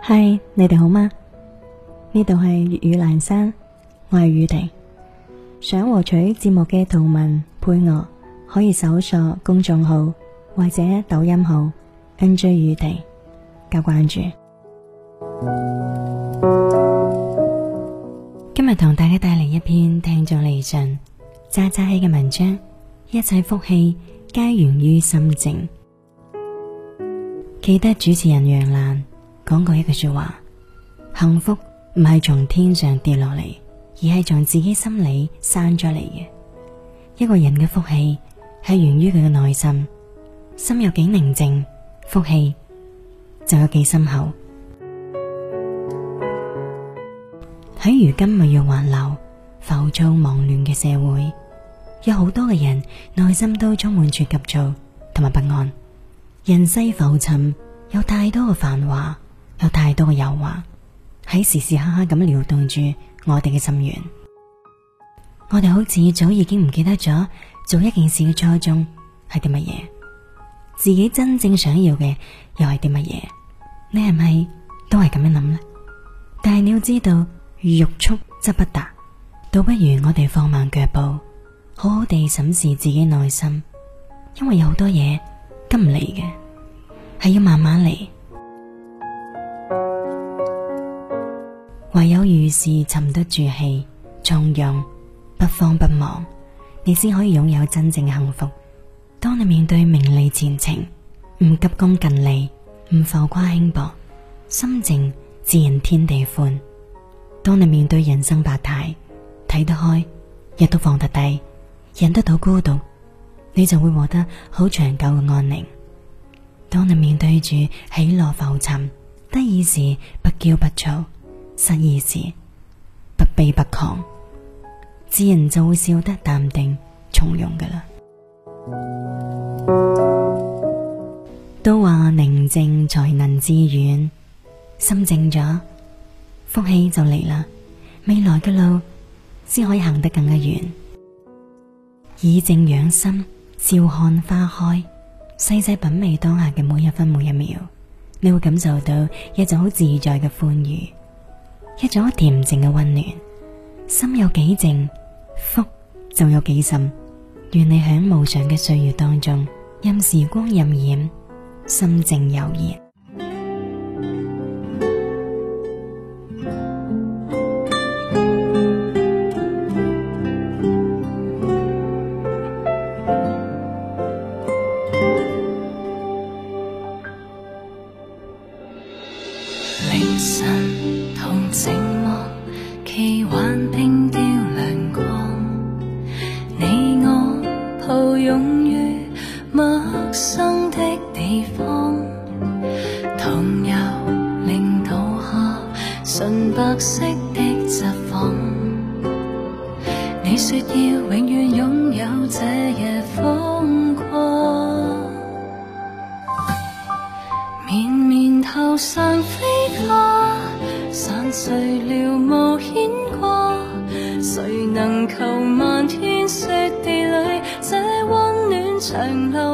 嗨，Hi, 你哋好嗎？呢度係粵語闌山，我係雨蝶。想獲取節目嘅圖文配樂，可以搜索公眾號或者抖音號 NJ 雨蝶，加關注。今日同大家帶嚟一篇聽眾嚟信渣渣起嘅文章，一切福氣，皆源於心靜。記得主持人楊瀾講過一句說話：幸福唔係從天上跌落嚟，而係從自己心裏生出嚟嘅。一個人嘅福氣係源於佢嘅內心，心有幾寧靜，福氣就有幾深厚。喺 如今物欲橫流、浮躁忙亂嘅社會，有好多嘅人內心都充滿住急躁同埋不安。人世浮沉，有太多嘅繁華，有太多嘅誘惑，喺時時刻刻咁撩動住我哋嘅心願。我哋好似早已經唔記得咗做一件事嘅初衷係啲乜嘢，自己真正想要嘅又係啲乜嘢？你係咪都係咁樣諗呢？但係你要知道，欲速則不達，倒不如我哋放慢腳步，好好地審視自己內心，因為有好多嘢。急唔嚟嘅係要慢慢嚟，唯有遇事沉得住氣，從容不慌不忙，你先可以擁有真正嘅幸福。當你面對名利前程，唔急功近利，唔浮誇輕薄，心靜自然天地寬。當你面對人生百態，睇得開，亦都放得低，忍得到孤獨。你就會獲得好長久嘅安寧。當你面對住起落浮沉，得意時不驕不躁，失意時不卑不亢，自然就會笑得淡定從容嘅啦。 都話寧靜才能致遠，心靜咗，福氣就嚟啦。未來嘅路先可以行得更加遠。以靜養心。笑看花開，細細品味當下嘅每一分每一秒，你會感受到一種好自在嘅歡愉，一種好恬靜嘅溫暖。心有幾靜，福就有幾深。願你響無常嘅歲月當中，任時光荏苒，心靜悠然。色的紮放，你説要永遠擁有這夜風光。綿綿頭上飛花，散碎了無牽掛，誰能求漫天雪地裡這温暖長流？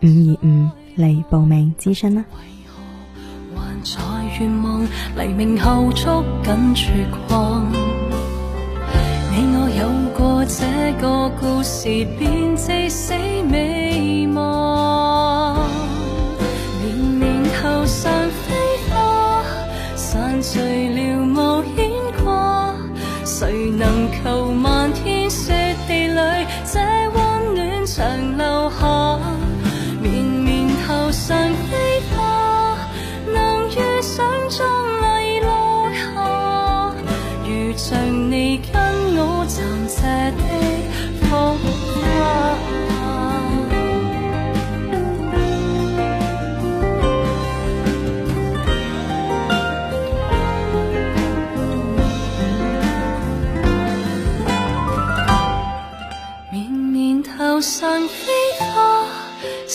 五二五嚟報名諮詢啦！為何還在願望黎明後捉緊曙光，你我有過這個故事，便至死未忘。年年頭上飛花，散聚了無牽掛。誰能求漫天雪地裏，這溫暖長